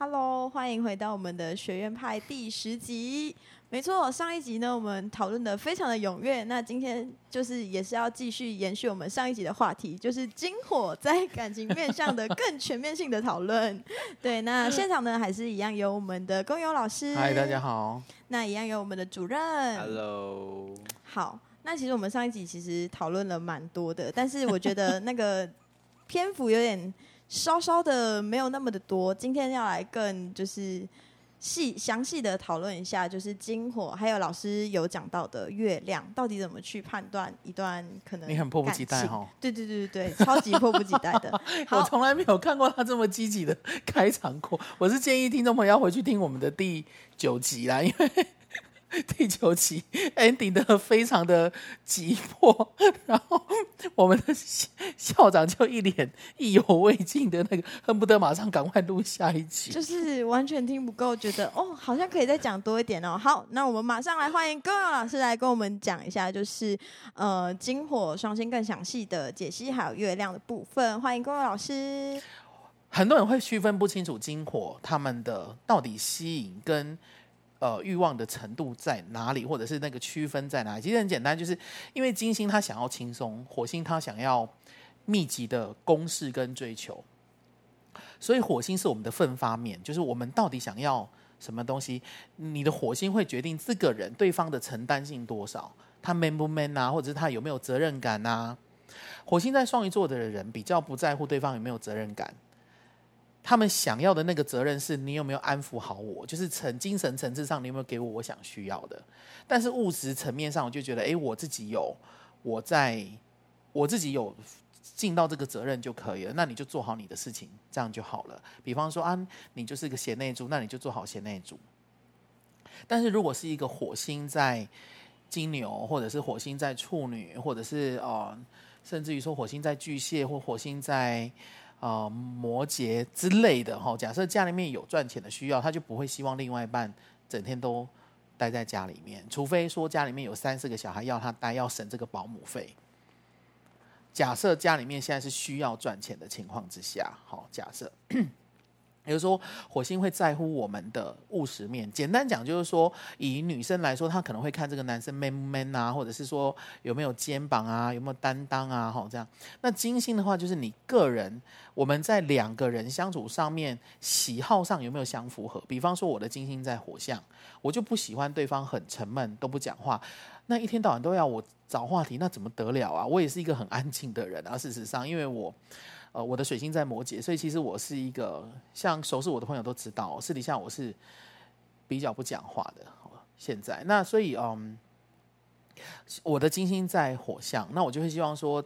Hello，歡迎回到我們的學院派第十集。沒錯，上一集呢，我們討論的非常的踴躍。那今天就是也是要繼續延續我們上一集的話題，就是金火在感情面上的更全面性的討論。 對，那現場呢，還是一樣有我們的工友老師。嗨，大家好。那一樣有我們的主任。Hello。好，那其實我們上一集其實討論了蠻多的，但是我覺得那個篇幅有點。稍稍的沒有那麼的多，今天要來更就是細詳細的討論一下，就是金火還有老師有講到的月亮，到底怎麼去判斷一段可能？你很迫不及待對、哦，對對對對，超級迫不及待的。 我從來沒有看過他這麼積極的開場過。我是建議聽眾朋友要回去聽我們的第九集啦，因為第九集 ending 的非常的急迫，然後我們的。校長就一臉意猶未盡的那個，恨不得馬上趕快錄下一集。就是完全聽不夠，覺得哦，好像可以再講多一點哦。好，那我們馬上來歡迎鎮楠老師來跟我們講一下，就是呃，金火雙星更詳細的解析，還有月亮的部分。歡迎鎮楠老師。很多人會區分不清楚金火他們的到底吸引跟呃欲望的程度在哪裡，或者是那個區分在哪裡？其實很簡單，就是因為金星他想要輕鬆，火星他想要。密集的攻勢跟追求，所以火星是我們的奮發面，就是我們到底想要什麼東西？你的火星會決定這個人對方的承擔性多少，他 man 不 man 啊，或者是他有沒有責任感啊？火星在雙魚座的人比較不在乎對方有沒有責任感，他們想要的那個責任是你有沒有安撫好我，就是層精神層次上你有沒有給我我想需要的，但是物質層面上我就覺得，哎、欸，我自己有，我在我自己有。盡到這個責任就可以了，那你就做好你的事情，這樣就好了。比方說啊，你就是一個賢內助，那你就做好賢內助。但是如果是一個火星在金牛，或者是火星在處女，或者是呃，甚至於說火星在巨蟹或火星在呃摩羯之類的哈，假設家裡面有賺錢的需要，他就不會希望另外一半整天都待在家裡面，除非說家裡面有三四個小孩要他待，要省這個保姆費。假設家裡面現在是需要賺錢的情況之下，好，假設。 比如說，火星會在乎我們的務實面。簡單講，就是說，以女生來說，她可能會看這個男生 man 不 man 啊，或者是說有沒有肩膀啊，有沒有擔當啊，哈，這樣。那金星的話，就是你個人，我們在兩個人相處上面，喜好上有沒有相符合？比方說，我的金星在火象，我就不喜歡對方很沉悶，都不講話，那一天到晚都要我找話題，那怎麼得了啊？我也是一個很安靜的人啊。事實上，因為我。呃，我的水星在摩羯，所以其實我是一個像熟悉我的朋友都知道，私底下我是比較不講話的。現在那所以，嗯，我的金星在火象，那我就會希望說，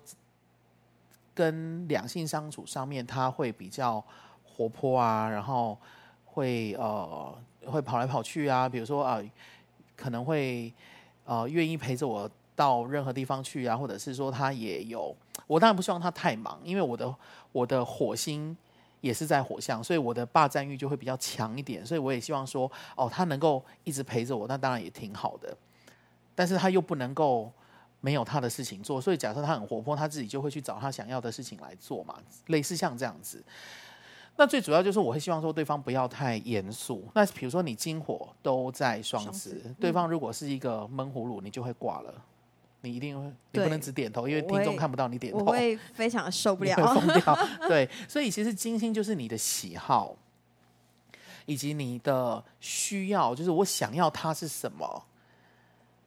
跟兩性相處上面，他會比較活潑啊，然後會呃會跑來跑去啊，比如說啊，呃，可能會呃願意陪着我到任何地方去啊，或者是說他也有。我當然不希望他太忙，因為我的我的火星也是在火象，所以我的霸占欲就會比較強一點。所以我也希望說，哦，他能夠一直陪着我，那當然也挺好的。但是他又不能夠沒有他的事情做，所以假設他很活潑，他自己就會去找他想要的事情來做嘛，類似像這樣子。那最主要就是我會希望說對方不要太嚴肅。那是比如說你金火都在雙子，雙子，嗯，對方如果是一個悶葫蘆，你就會掛了。你一定會，你不能只點頭，因為聽眾看不到你點頭，我會非常受不了，會瘋掉。對，所以其實金星就是你的喜好，以及你的需要，就是我想要它是什麼。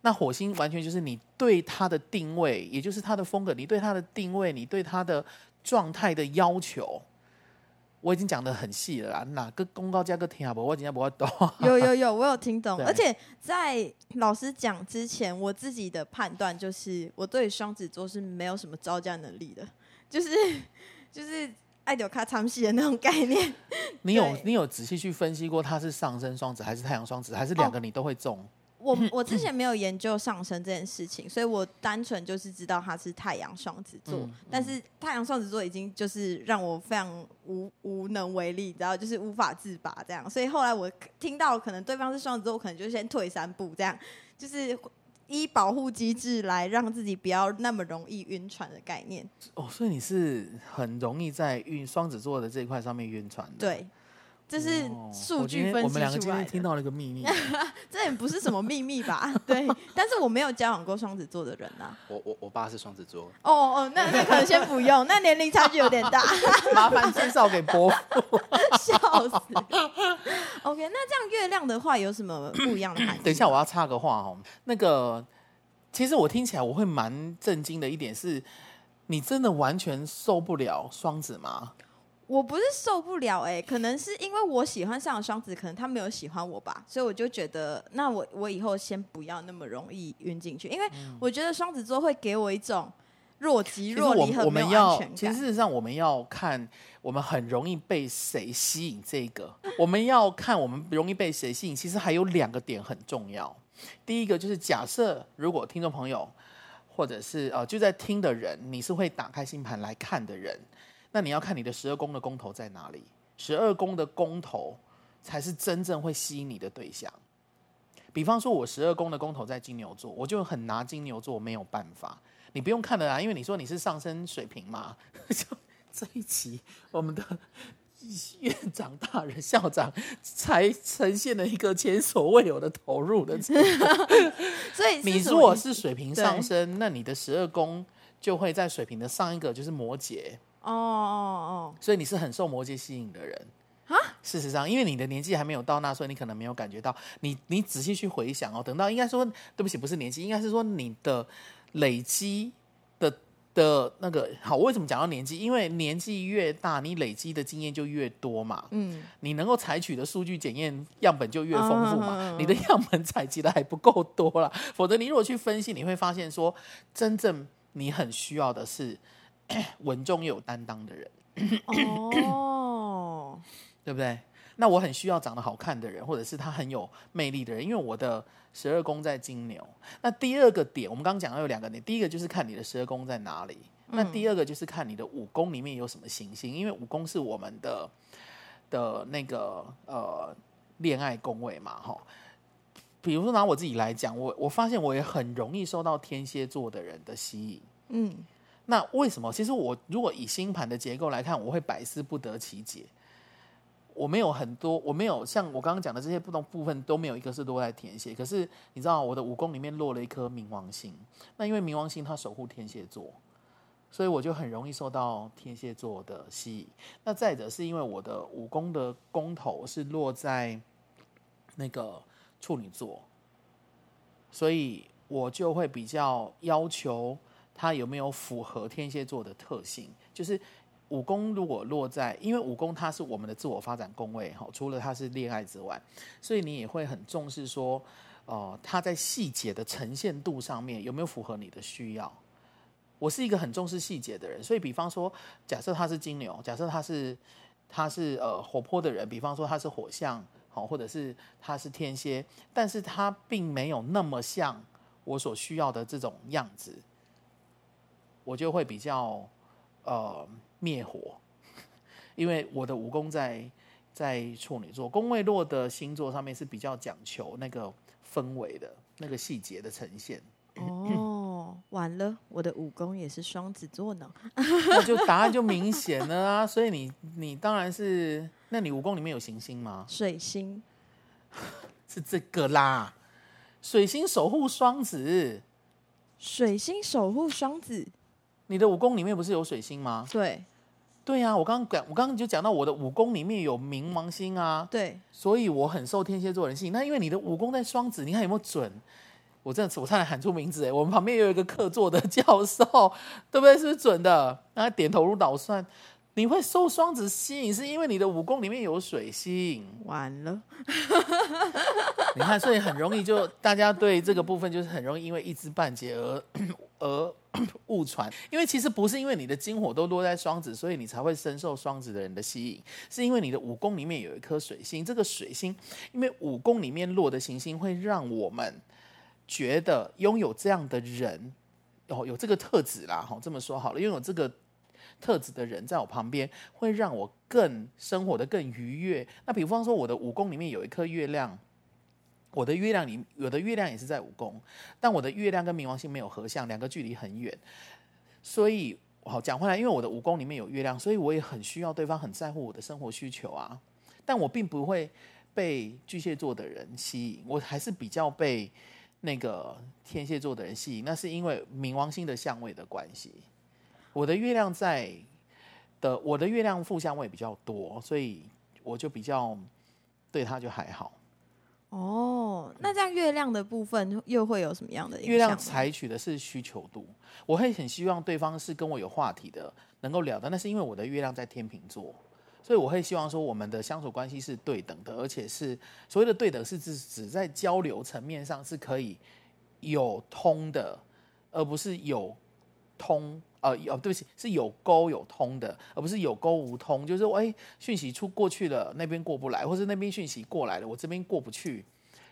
那火星完全就是你對它的定位，也就是它的風格，你對它的定位，你對它的狀態的要求。我已經講得很細了啦，哪個公告加個聽好不我已經不會懂。有有有，我有聽懂。而且在老師講之前，我自己的判斷就是，我對雙子座是沒有什麼招架能力的，就是就是愛到卡慘死的那種概念。 你有你有仔細去分析過，他是上升雙子、子，還是太陽雙子，還是兩個你都會中？哦我我之前沒有研究上升這件事情，所以我單純就是知道它是太陽雙子座。嗯嗯，但是太陽雙子座已經就是讓我非常無無能為力，然後就是無法自拔這樣。所以後來我聽到可能對方是雙子座，我可能就先退三步，這樣就是以保護機制來讓自己不要那麼容易暈船的概念。哦，所以你是很容易在暈雙子座的這塊上面暈船的。對。這是數據分析的。哦我。我們兩個今天聽到了一個秘密， 這也不是什麼秘密吧？ 對，但是我沒有交往過雙子座的人啊。我我我爸是雙子座。哦、oh, 哦、oh,，那那可能先不用， 那年齡差距有點大， 麻煩介紹給伯父,。 笑死。OK，那這樣月亮的話有什麼不一樣的含義？等一下我要插個話哦，那個其實我聽起來我會蠻震驚的一點是，你真的完全受不了雙子嗎？我不是受不了哎、欸，可能是因為我喜歡上了雙子，可能他沒有喜歡我吧，所以我就覺得，那我我以後先不要那麼容易暈進去，因為我覺得雙子座會給我一種若即若離和沒有安全感。其實事實上，我們要看我們很容易被誰吸引這，這個我們要看我們容易被誰吸引。其實還有兩個點很重要，第一個就是假設如果聽眾朋友或者是呃就在聽的人，你是會打開星盤來看的人。那你要看你的十二宮的宮頭在哪裡，十二宮的宮頭，才是真正會吸引你的對象。比方說，我十二宮的宮頭在金牛座，我就很拿金牛座沒有辦法。你不用看了啊，因為你說你是上升水瓶嘛，就 這一期我們的院長大人、校長才呈現了一個前所未有的投入的、這個， 所以你如果是水瓶上升，那你的十二宮就會在水瓶的上一個，就是摩羯。哦哦哦，所以你是很受摩羯吸引的人，huh? 事實上，因為你的年紀還沒有到那，所以你可能沒有感覺到。你你仔細去回想哦，等到應該說，對不起，不是年紀，應該是說你的累積的的那個。好，我為什麼講到年紀？因為年紀越大，你累積的經驗就越多嘛。嗯，你能夠採取的數據檢驗樣本就越豐富嘛。Uh, 你的樣本採集的還不夠多啦，否則你如果去分析，你會發現說，真正你很需要的是。穩重又有擔當的人哦、oh. 對不對？那我很需要長得好看的人，或者是他很有魅力的人，因為我的十二宮在金牛。那第二個點，我們剛剛講到有兩個點，第一個就是看你的十二宮在哪裡，嗯、那第二個就是看你的五宮裡面有什麼行星，因為五宮是我們的的那個呃戀愛宮位嘛，哈。比如說拿我自己來講，我我發現我也很容易受到天蠍座的人的吸引，嗯。那為什麼？其實我如果以星盤的結構來看，我會百思不得其解。我沒有很多，我沒有像我剛剛講的這些不同部分都沒有一個是落在天蠍。可是你知道，我的五宮裡面落了一顆冥王星。那因為冥王星它守護天蠍座，所以我就很容易受到天蠍座的吸引。那再者是因為我的五宮的宮頭是落在那個處女座，所以我就會比較要求。他有沒有符合天蠍座的特性？就是五宮如果落在，因為五宮它是我們的自我發展宮位哈，除了它是戀愛之外，所以你也會很重視說，哦、呃，他在細節的呈現度上面有沒有符合你的需要？我是一個很重視細節的人，所以比方說，假設他是金牛，假設他是他是呃活潑的人，比方說他是火象，好，或者是他是天蠍，但是他並沒有那麼像我所需要的這種樣子。我就會比較呃滅火，因為我的五宮在在處女座宮位落的星座上面是比較講求那個氛圍的那個細節的呈現。哦， 完了，我的五宮也是雙子座呢，那 就答案就明顯了啊！所以你你當然是，那你五宮裡面有行星嗎？水星是這個啦，水星守護雙子，水星守護雙子。你的武功裡面不是有水星嗎？對，對呀、啊，我剛剛講，我剛剛就講到我的武功裡面有冥王星啊，對，所以我很受天蠍座人吸引。那因為你的武功在雙子，你看有沒有準？我真的，我差點喊出名字哎，我們旁邊又有一個客座的教授，對不對？是不是準的？他、啊、點頭如搗蒜。你會受雙子吸引，是因為你的武功裡面有水星。完了， 你看，所以很容易就大家對這個部分就是很容易因為一知半解而、而。呵呵而誤傳，因為其實不是因為你的金火都落在雙子，所以你才會深受雙子的人的吸引，是因為你的五宮裡面有一顆水星。這個水星，因為五宮裡面落的行星會讓我們覺得擁有這樣的人，哦，有這個特質啦，哈，這麼說好了，擁有這個特質的人在我旁邊，會讓我更生活得更愉悅。那比方說，我的五宮裡面有一顆月亮。我的月亮裡，有的月亮也是在五宮，但我的月亮跟冥王星沒有合相，兩個距離很遠。所以，好，講回來，因為我的五宮裡面有月亮，所以我也很需要對方很在乎我的生活需求啊。但我並不會被巨蟹座的人吸引，我還是比較被那個天蠍座的人吸引。那是因為冥王星的相位的關係，我的月亮在的，我的月亮負相位比較多，所以我就比較對他就還好。哦，那這樣月亮的部分又會有什麼樣的影響？月亮採取的是需求度，我會很希望對方是跟我有話題的，能夠聊的。那是因為我的月亮在天秤座，所以我會希望說我們的相處關係是對等的，而且是所謂的對等，是指只在交流層面上是可以有通的，而不是有。通啊，哦、呃，對不起，是有溝有通的，而不是有溝無通。就是說，哎，訊息出過去了，那邊過不來，或是那邊訊息過來了，我這邊過不去，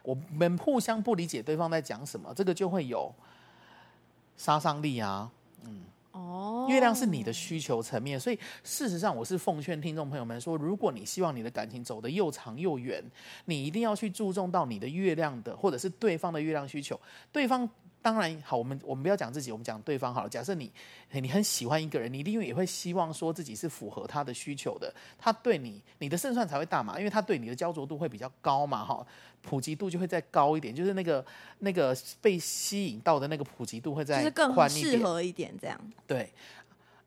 我們互相不理解對方在講什麼，這個就會有殺傷力啊。嗯，哦、Oh.，月亮是你的需求層面，所以事實上，我是奉勸聽眾朋友們說，如果你希望你的感情走得又長又遠，你一定要去注重到你的月亮的，或者是對方的月亮需求，對方。當然好，我們我們不要講自己，我們講對方好了。假設你你很喜歡一個人，你一定也會希望說自己是符合他的需求的，他對你你的勝算才會大嘛，因為他對你的焦灼度會比較高嘛，哈，普及度就會再高一點，就是那個那個被吸引到的那個普及度會再、就是、更適合一點，這樣對。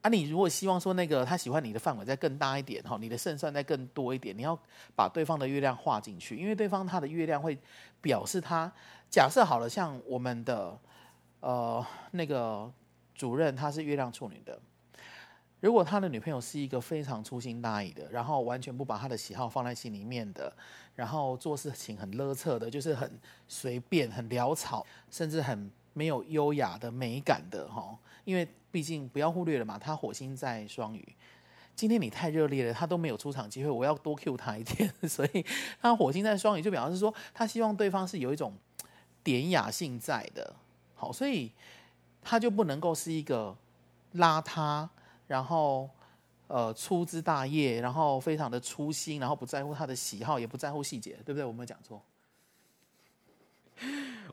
啊，你如果希望說那個他喜歡你的範圍再更大一點哈，你的勝算再更多一點，你要把對方的月亮畫進去，因為對方他的月亮會表示他假設好了，像我們的。呃，那個主任他是月亮處女的。如果他的女朋友是一個非常粗心大意的，然後完全不把他的喜好放在心裡面的，然後做事情很邋遢的，就是很隨便、很潦草，甚至很沒有優雅的美感的，哈。因為畢竟不要忽略了嘛，他火星在雙魚。今天你太熱烈了，他都沒有出場機會，我要多 Q 他一點。所以他火星在雙魚，就表示說他希望對方是有一種典雅性在的。好，所以他就不能夠是一個邋遢，然後呃粗枝大葉，然後非常的粗心，然後不在乎他的喜好，也不在乎細節，對不對？我沒有講錯。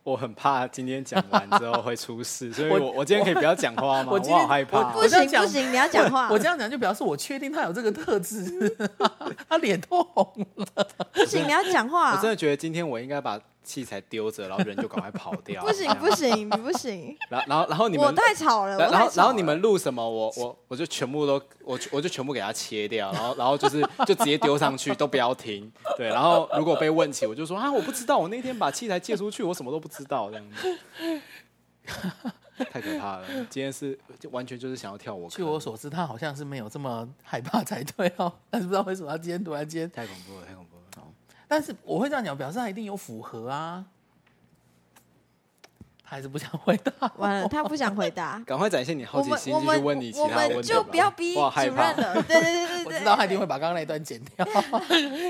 我很怕今天講完之後會出事， 所以我我，我今天可以不要講話嗎？ 我，今天我好害怕，不行不行，你要講話。 我這樣講就表示我確定他有這個特質， 他臉都紅了，不行，你要講話。我真的，我真的覺得今天我應該把。器材丟着，然後人就趕快跑掉。不行不行，不行。然後然後然後你們我太，我太吵了。然後然後你們錄什麼？我我我就全部都我我就全部給他切掉。然後然後就是就直接丟上去， 都不要停。對，然後如果被問起，我就說啊，我不知道。我那天把器材借出去，我什麼都不知道這樣子 太可怕了！今天是就完全就是想要跳我。我據我所知，他好像是沒有這麼害怕才對哦。但是不知道為什麼他今天突然間太恐怖了。但是我會這樣講，表示他一定有符合啊。他還是不想回答。哦，完了，他不想回答，趕 快展現你好奇心，就問你問題，我們就不要逼主任了。我對對對對對，然後 他一定會把剛剛那一段剪掉。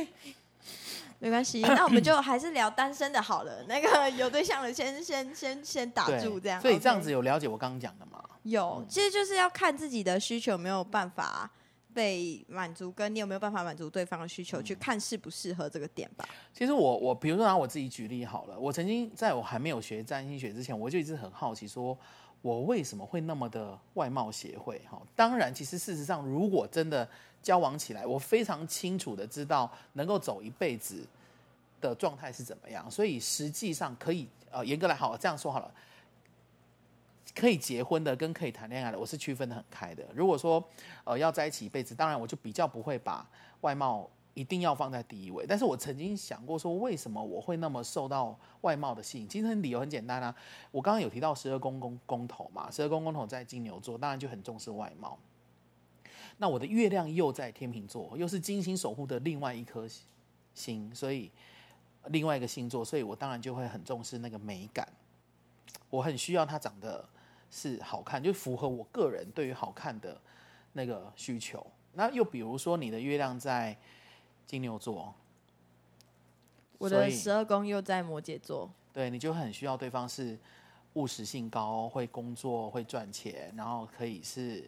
沒關係，那我們就還是聊單身的好了。 那個有對象的，先先先先打住，這樣，OK。所以這樣子有了解我剛剛講的嗎？有，其實就是要看自己的需求，沒有辦法被滿足，跟你有沒有辦法滿足對方的需求，嗯，去看適不適合這個點吧。其實我我，比如說拿我自己舉例好了，我曾經在我還沒有學占星學之前，我就一直很好奇，說我為什麼會那麼的外貌協會哈。當然，其實事實上，如果真的交往起來，我非常清楚的知道能夠走一輩子的狀態是怎麼樣。所以實際上可以呃，嚴格來好這樣說好了。可以結婚的跟可以談戀愛的，我是區分得很開的。如果說，呃，要在一起一輩子，當然我就比較不會把外貌一定要放在第一位。但是我曾經想過，說為什麼我會那麼受到外貌的吸引？其實理由很簡單啊，我剛剛有提到十二宮宮宮頭嘛，十二宮宮頭在金牛座，當然就很重視外貌。那我的月亮又在天秤座，又是金星守護的另外一顆星，所以另外一個星座，所以我當然就會很重視那個美感。我很需要他長得，是好看，就符合我個人對於好看的那個需求。那又比如說，你的月亮在金牛座，我的十二宮又在摩羯座，對，你就很需要對方是務實性高，會工作、會賺錢，然後可以是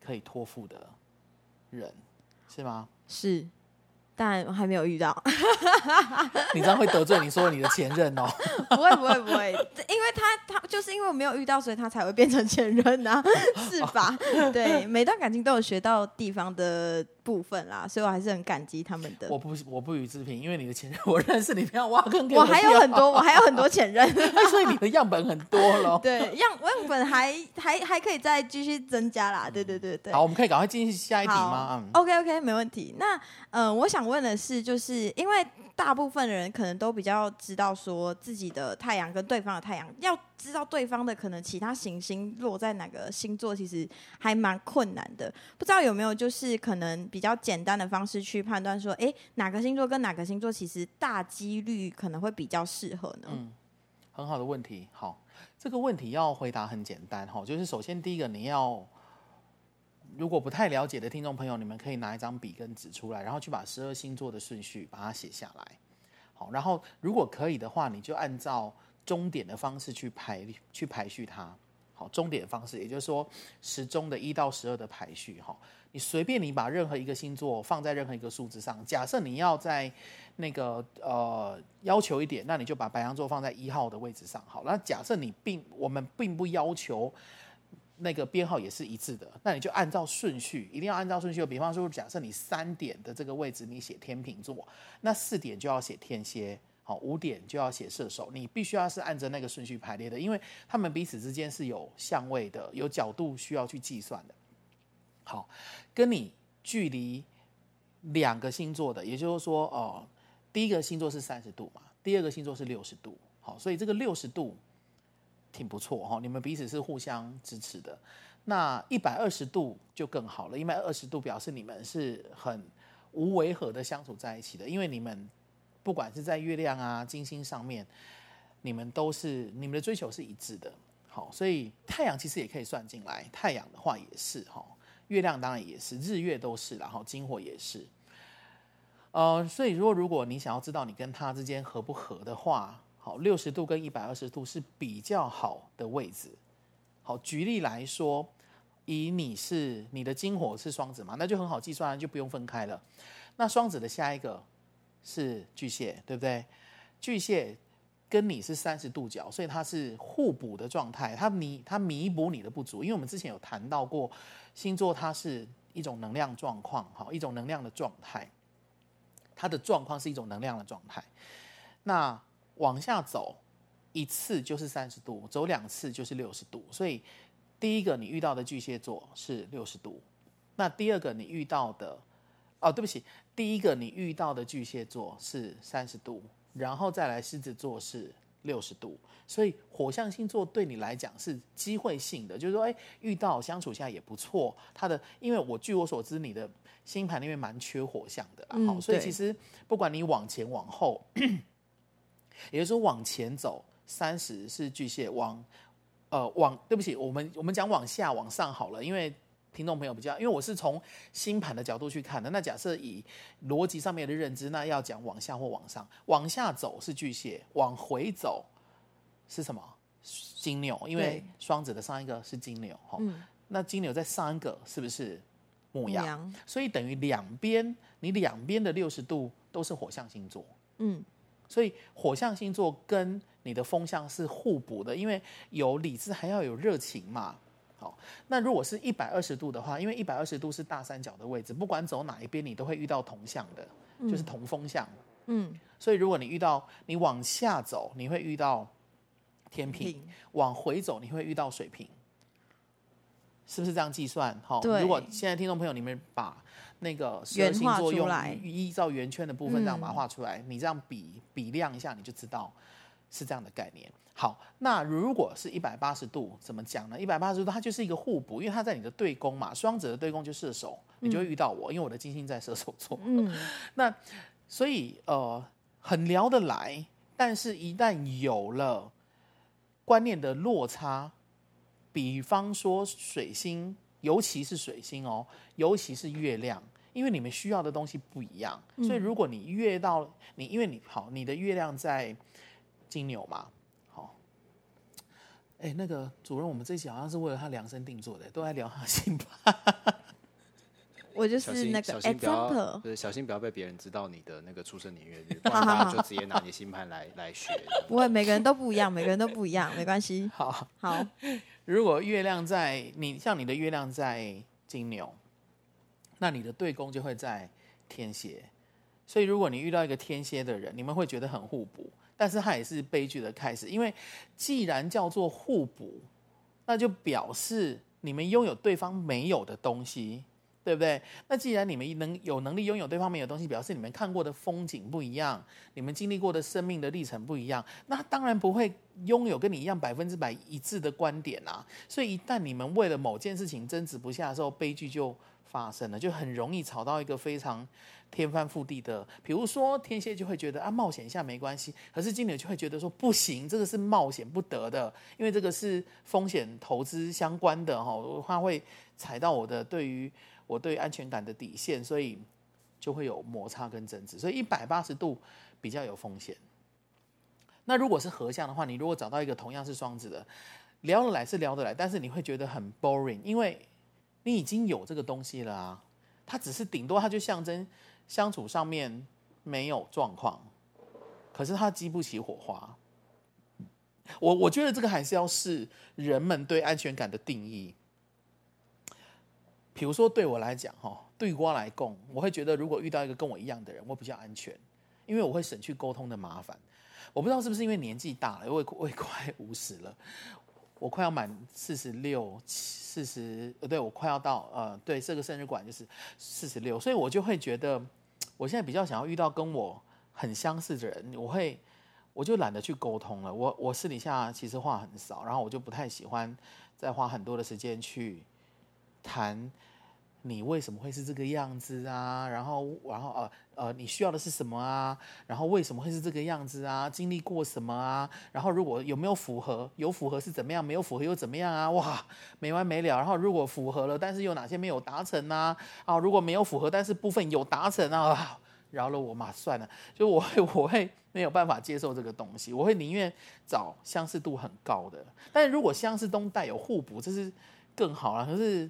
可以托付的人，是嗎？是。但我還沒有遇到 ，你這樣會得罪你說你的前任喔？ 不會不會不會，因為他他就是因為我沒有遇到，所以他才會變成前任啊，是吧？ 對，每段感情都有學到地方的。部分啦，所以我還是很感激他們的。我不我不予置評，因為你的前任我認識你，不要挖坑給我、啊。我還有很多，我還有很多前任， 所以你的樣本很多了。 對，樣樣本還還還可以再繼續增加啦、嗯。對對對對。好，我們可以趕快進行下一題嗎？OK OK，沒問題。那嗯、呃、我想問的是，就是因為大部分人可能都比較知道說自己的太陽跟對方的太陽要。知道對方的可能其他行星落在哪個星座，其實還蠻困難的。不知道有沒有就是可能比較簡單的方式去判斷說，哎，哪個星座跟哪個星座其實大幾率可能會比較適合呢？嗯，很好的問題。好，這個問題要回答很簡單哈，就是首先第一個你要，如果不太了解的聽眾朋友，你們可以拿一張筆跟紙出來，然後去把十二星座的順序把它寫下來。好，然後如果可以的話，你就按照。終點的方式去排去排序它，好，鐘點的方式也就是說時鐘的一到十二的排序哈。你隨便你把任何一個星座放在任何一個數字上，假設你要在那個呃要求一點，那你就把白羊座放在一號的位置上，好。那假設你並我們並不要求那個編號也是一致的，那你就按照順序，一定要按照順序。比方說，假設你三點的這個位置你寫天秤座，那四點就要寫天蠍。好，五點就要寫射手，你必須要是按照那個順序排列的，因為他們彼此之間是有相位的，有角度需要去計算的。好，跟你距離兩個星座的，也就是說，哦、呃，第一個星座是三十度嘛，第二個星座是六十度，好，所以這個六十度挺不錯哈，你們彼此是互相支持的。那一百二十度就更好了，一百二十度表示你們是很無違和的相處在一起的，因為你們。不管是在月亮啊、金星上面，你們都是你們的追求是一致的。好，所以太陽其實也可以算進來，太陽的話也是哈，月亮當然也是，日月都是，然後金火也是。呃，所以如果如果你想要知道你跟他之間合不合的話，好，六十度跟一百二十度是比較好的位置。好，舉例來說，以你是你的金火是雙子嘛，那就很好計算，就不用分開了。那雙子的下一個。是巨蟹，對不對？巨蟹跟你是三十度角，所以它是互補的狀態。它彌它彌補你的不足，因為我們之前有談到過，星座它是一種能量狀況，哈，一種能量的狀態。它的狀況是一種能量的狀態。那往下走一次就是三十度，走兩次就是六十度。所以第一個你遇到的巨蟹座是六十度，那第二個你遇到的，哦，對不起。第一個你遇到的巨蟹座是三十度，然後再來獅子座是六十度，所以火象星座對你來講是機會性的，就是說，誒、欸，遇到相處下也不錯。他的，因為我據我所知，你的星盤裡面蠻缺火象的、嗯，好，所以其實不管你往前往後，也就是說往前走三十是巨蟹，往呃往對不起，我們我們講往下往上好了，因為。聽眾朋友比較，因為我是從星盤的角度去看的。那假設以邏輯上面的認知，那要講往下或往上，往下走是巨蟹，往回走是什麼？金牛，因為雙子的上一個是金牛，哈、哦嗯。那金牛在上一個是不是牧羊？所以等於兩邊，你兩邊的六十度都是火象星座。嗯，所以火象星座跟你的風象是互補的，因為有理智還要有熱情嘛。好，那如果是一百二十度的話，因為一百二十度是大三角的位置，不管走哪一邊，你都會遇到同象的、嗯，就是同風象。嗯，所以如果你遇到你往下走，你會遇到天秤；平往回走，你會遇到水瓶。是不是這樣計算？好，如果現在聽眾朋友，你們把那個十二星座用依照圓圈的部分這樣把它畫出來，出來嗯，你這樣比比量一下，你就知道。是這樣的概念。好，那如果是一百八十度，怎麼講呢？一百八十度，它就是一個互補，因為它在你的對宮嘛。雙子的對宮就是射手。嗯，你就會遇到我，因為我的金星在射手座。嗯，那所以呃，很聊得來，但是一旦有了觀念的落差，比方說水星，尤其是水星哦，尤其是月亮，因為你們需要的東西不一樣。嗯。所以如果你越到你，因為你，好，你的月亮在。金牛嘛，好。哎、欸，那個主任，我們這期好像是為了他量身定做的，都在聊他星盤。 我就是那個 小心，小心不要、就是，小心不要被別人知道你的那個出生年月日，不然大家就直接拿你星盤來 來學，對不對？不會，每個人都不一樣，每個人都不一樣，沒關係。好好， 如果月亮在你，像你的月亮在金牛，那你的對宮就會在天蠍。所以，如果你遇到一個天蠍的人，你們會覺得很互補。但是它也是悲劇的開始，因為既然叫做互補，那就表示你們擁有對方沒有的東西，對不對？那既然你們能有能力擁有對方沒有的東西，表示你們看過的風景不一樣，你們經歷過的生命的歷程不一樣，那當然不會擁有跟你一樣百分之百一致的觀點啦、啊。所以一旦你們為了某件事情爭執不下的時候，悲劇就發生了，就很容易吵到一個非常。天翻覆地的，比如說天蠍就會覺得啊冒險一下沒關係，可是金牛就會覺得說不行，這個是冒險不得的，因為這個是風險投資相關的哈，它會踩到我的對於我對於安全感的底線，所以就會有摩擦跟爭執。所以一百八十度比較有風險。那如果是合相的話，你如果找到一個同樣是雙子的聊得來是聊得來，但是你會覺得很 boring，因為你已經有這個東西了啊。他只是頂多他就象徵相處上面沒有狀況，可是他激不起火花。我我覺得這個還是要視人們對安全感的定義。比如說對我來講，哈，對我來講，我會覺得如果遇到一個跟我一樣的人，我比較安全，因為我會省去溝通的麻煩。我不知道是不是因為年紀大了，我也我也快五十了。我快要滿四十六，四十呃，對，我快要到呃，對，這個生日館就是四十六，所以我就會覺得我現在比較想要遇到跟我很相似的人，我會我就懶得去溝通了。我我私底下其實話很少，然後我就不太喜歡再花很多的時間去談。你為什麼會是這個樣子啊？然後，然後，呃，呃，你需要的是什麼啊？然後為什麼會是這個樣子啊？經歷過什麼啊？然後如果有沒有符合？有符合是怎麼樣？沒有符合又怎麼樣啊？哇，沒完沒了。然後如果符合了，但是有哪些沒有達成呢？啊？啊，如果沒有符合，但是部分有達成啊，啊饒了我嘛，算了。就我會，我會沒有辦法接受這個東西，我會寧願找相似度很高的。但如果相似中帶有互補，這是更好了，啊。可是。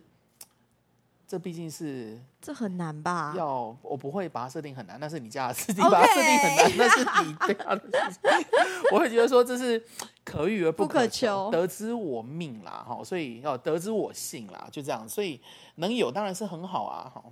這畢竟是，這很難吧？要我不會把它設定很難，那是你家的事情、okay。把它設定很難， 那是你家的事情。我會覺得說這是可遇而不可，不可求，得之我命啦，哈，所以要得之我幸啦，就這樣。所以能有當然是很好啊，哈。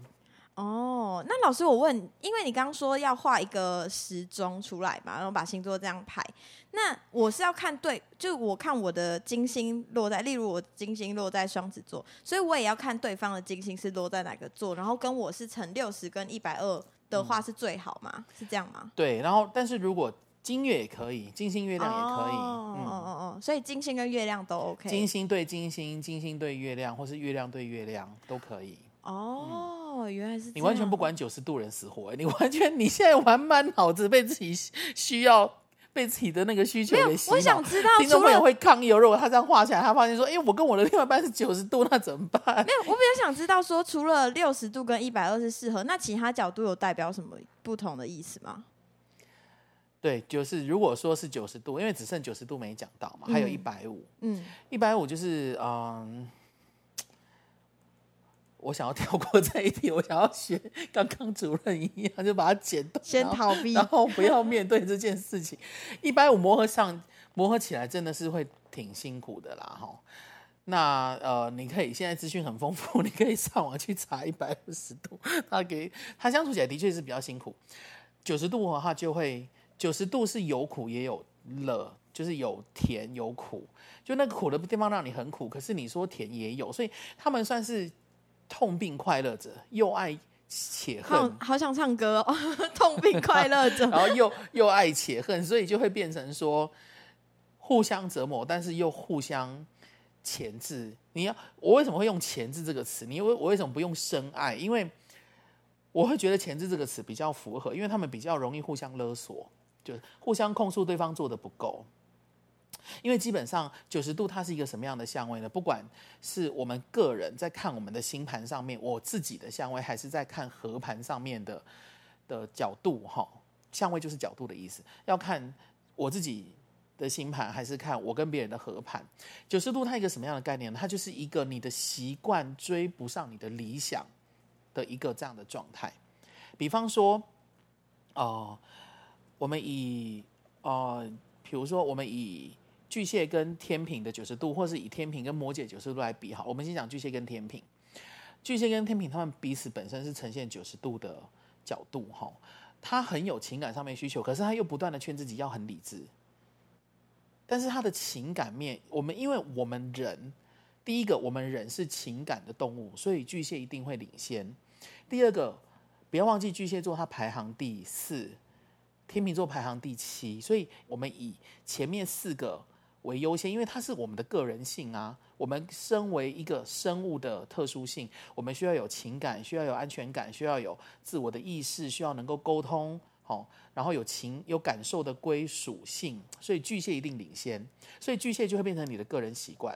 哦、oh，那老師，我問，因為你剛剛說要畫一個時鐘出來嘛，然後把星座這樣排，那我是要看對，就我看我的金星落在，例如我金星落在雙子座，所以我也要看對方的金星是落在哪個座，然後跟我是乘六十跟一百二的話是最好嗎、嗯？是這樣嗎？對，然後但是如果金月也可以，金星月亮也可以，嗯、oh, 嗯嗯，oh, oh, oh, 所以金星跟月亮都 OK，金星對金星，金星對月亮，或是月亮對月亮都可以。哦、oh, 嗯，原來是這樣，你完全不管九十度人死活。欸，你完全你現在玩滿腦子被自己需要被自己的那個需求給。沒有，我想知道聽眾朋友除了會抗議，如果他這樣畫起來，他發現說：“哎，我跟我的另外一半是九十度，那怎麼辦？”沒有，我比較想知道說，除了六十度跟一百二十度，那其他角度有代表什麼不同的意思嗎？對，就是如果說是九十度，因為只剩九十度沒講到嘛，嗯、還有一百五，嗯，一百五就是嗯。我想要跳過這一題，我想要學剛剛主任一樣，就把它剪斷，先逃避然，然後不要面對這件事情。一百五磨合上磨合起來真的是會挺辛苦的啦，哈。那呃，你可以現在資訊很豐富，你可以上網去查一百五十度，他給它相處起來的確是比較辛苦。九十度的話就會，九十度是有苦也有樂，就是有甜有苦，就那個苦的地方讓你很苦，可是你說甜也有，所以他們算是。痛並快樂着，又愛且恨，好，好想唱歌，哦。 痛並快樂着， 然後又又愛且恨，所以就會變成說互相折磨，但是又互相鉗制。你要我為什麼會用鉗制這個詞？你為我為什麼不用深愛？因為我會覺得鉗制這個詞比較符合，因為他們比較容易互相勒索，就互相控訴對方做的不夠。因為基本上九十度它是一個什麼樣的相位呢？不管是我們個人在看我們的星盤上面，我自己的相位，還是在看合盤上面的的角度，哈，相位就是角度的意思。要看我自己的星盤，還是看我跟別人的合盤。九十度它一個什麼樣的概念呢？它就是一個你的習慣追不上你的理想的一個這樣的狀態。比方說，哦、呃，我們以呃，比如說我們以。巨蟹跟天秤的九十度，或是以天秤跟摩羯九十度來比哈，我們先講巨蟹跟天秤，巨蟹跟天秤他們彼此本身是呈現九十度的角度哈。他很有情感上面需求，可是他又不斷的勸自己要很理智。但是他的情感面，我們因為我們人第一個，我們人是情感的動物，所以巨蟹一定會領先。第二個，不要忘記巨蟹座它排行第四，天秤座排行第七，所以我們以前面四個。為優先，因為它是我們的個人性啊。我們身為一個生物的特殊性，我們需要有情感，需要有安全感，需要有自我的意識，需要能夠溝通，好，然後有情有感受的歸屬性。所以巨蟹一定領先，所以巨蟹就會變成你的個人習慣，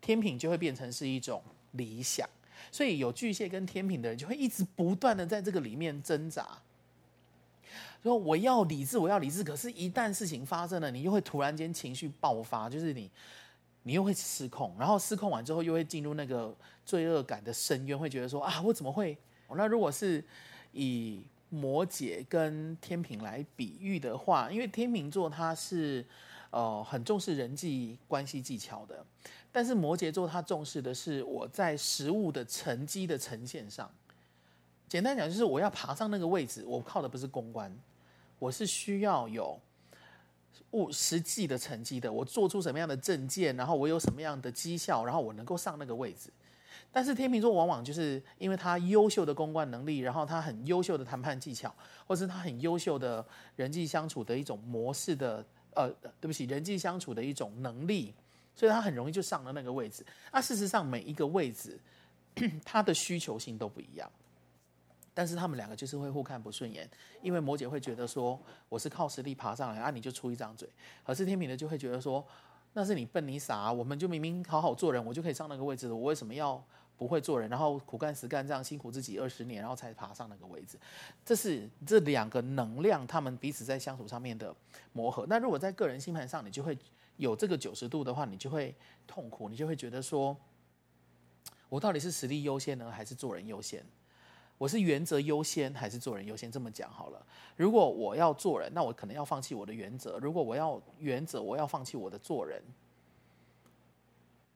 天秤就會變成是一種理想。所以有巨蟹跟天秤的人，就會一直不斷的在這個裡面掙扎，說我要理智，我要理智。可是，一旦事情發生了，你又會突然間情緒爆發，就是你，你又會失控，然後失控完之後，又會進入那個罪惡感的深淵，會覺得說啊，我怎麼會？那如果是以摩羯跟天秤來比喻的話，因為天秤座它是呃很重視人際關係技巧的，但是摩羯座它重視的是我在實務的成績的呈現上。簡單講，就是我要爬上那個位置，我靠的不是公關，我是需要有物實際的成績的。我做出什麼樣的政見，然後我有什麼樣的績效，然後我能夠上那個位置。但是天秤座往往就是因為他優秀的公關能力，然後他很優秀的談判技巧，或是他很優秀的人際相處的一種模式的，呃，對不起，人際相處的一種能力，所以他很容易就上了那個位置。那、啊、事實上，每一個位置，他的需求性都不一樣。但是他們兩個就是會互看不順眼，因為摩羯會覺得說我是靠實力爬上來啊，你就出一張嘴。可是天秤呢，就會覺得說那是你笨你傻，我們就明明好好做人，我就可以上那個位置了，我為什麼要不會做人，然後苦幹實幹這樣辛苦自己二十年，然後才爬上那個位置？這是這兩個能量，他們彼此在相處上面的磨合。那如果在個人星盤上，你就會有這個九十度的話，你就會痛苦，你就會覺得說，我到底是實力優先呢，還是做人優先？我是原則優先還是做人優先？這麼講好了。如果我要做人，那我可能要放棄我的原則；如果我要原則，我要放棄我的做人。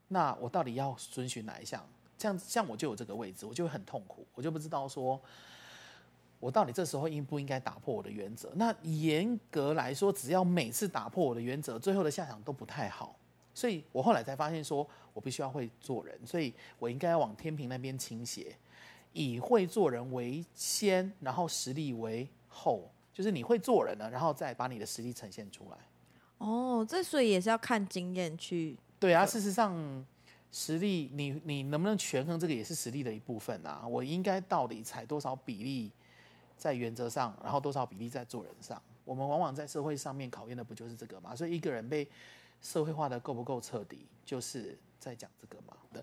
那我到底要遵循哪一項？這樣，像我就有這個位置，我就會很痛苦，我就不知道說，我到底這時候應不應該打破我的原則？那嚴格來說，只要每次打破我的原則，最後的下場都不太好。所以我後來才發現說，說我必須要會做人，所以我應該往天平那邊傾斜。以會做人為先，然後實力為後，就是你會做人呢，然後再把你的實力呈現出來。哦，這所以也是要看經驗去。對啊，事實上，實力你你能不能權衡這個也是實力的一部分啊。我應該到底踩多少比例在原則上，然後多少比例在做人上？我們往往在社會上面考驗的不就是這個嗎？所以一個人被社會化的夠不夠徹底，就是在講這個嘛。對。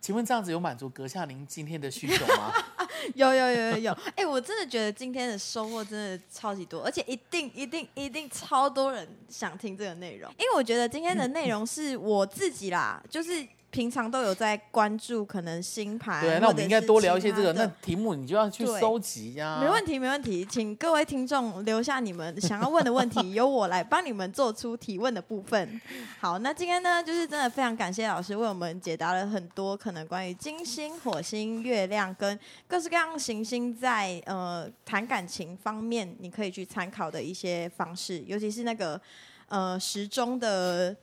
請問這樣子有滿足閣下您今天的需求嗎？ 有有有有有，哎、 欸，我真的覺得今天的收穫真的超級多，而且一定一定一定超多人想聽這個內容，因為我覺得今天的內容是我自己啦，就是。平常都有在關注可能星盤，對，那我們應該多聊一些這個。那題目你就要去收集呀。沒問題，沒問題，請各位聽眾留下你們想要問的問題，由我來幫你們做出提問的部分。好，那今天呢，就是真的非常感謝老師為我們解答了很多可能關於金星、火星、月亮跟各式各樣行星在呃談感情方面，你可以去參考的一些方式，尤其是那個呃時鐘的。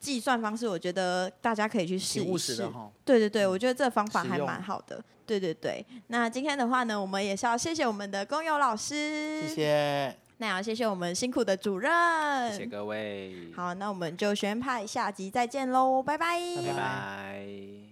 計算方式，我覺得大家可以去試一試，哦。對對對，我覺得這方法還蠻好的。對對對，那今天的話呢，我們也是要謝謝我們的工友老師。謝謝。那也要謝謝我們辛苦的主任。謝謝各位。好，那我們就學院派，下集再見嘍，拜拜。拜拜。拜拜。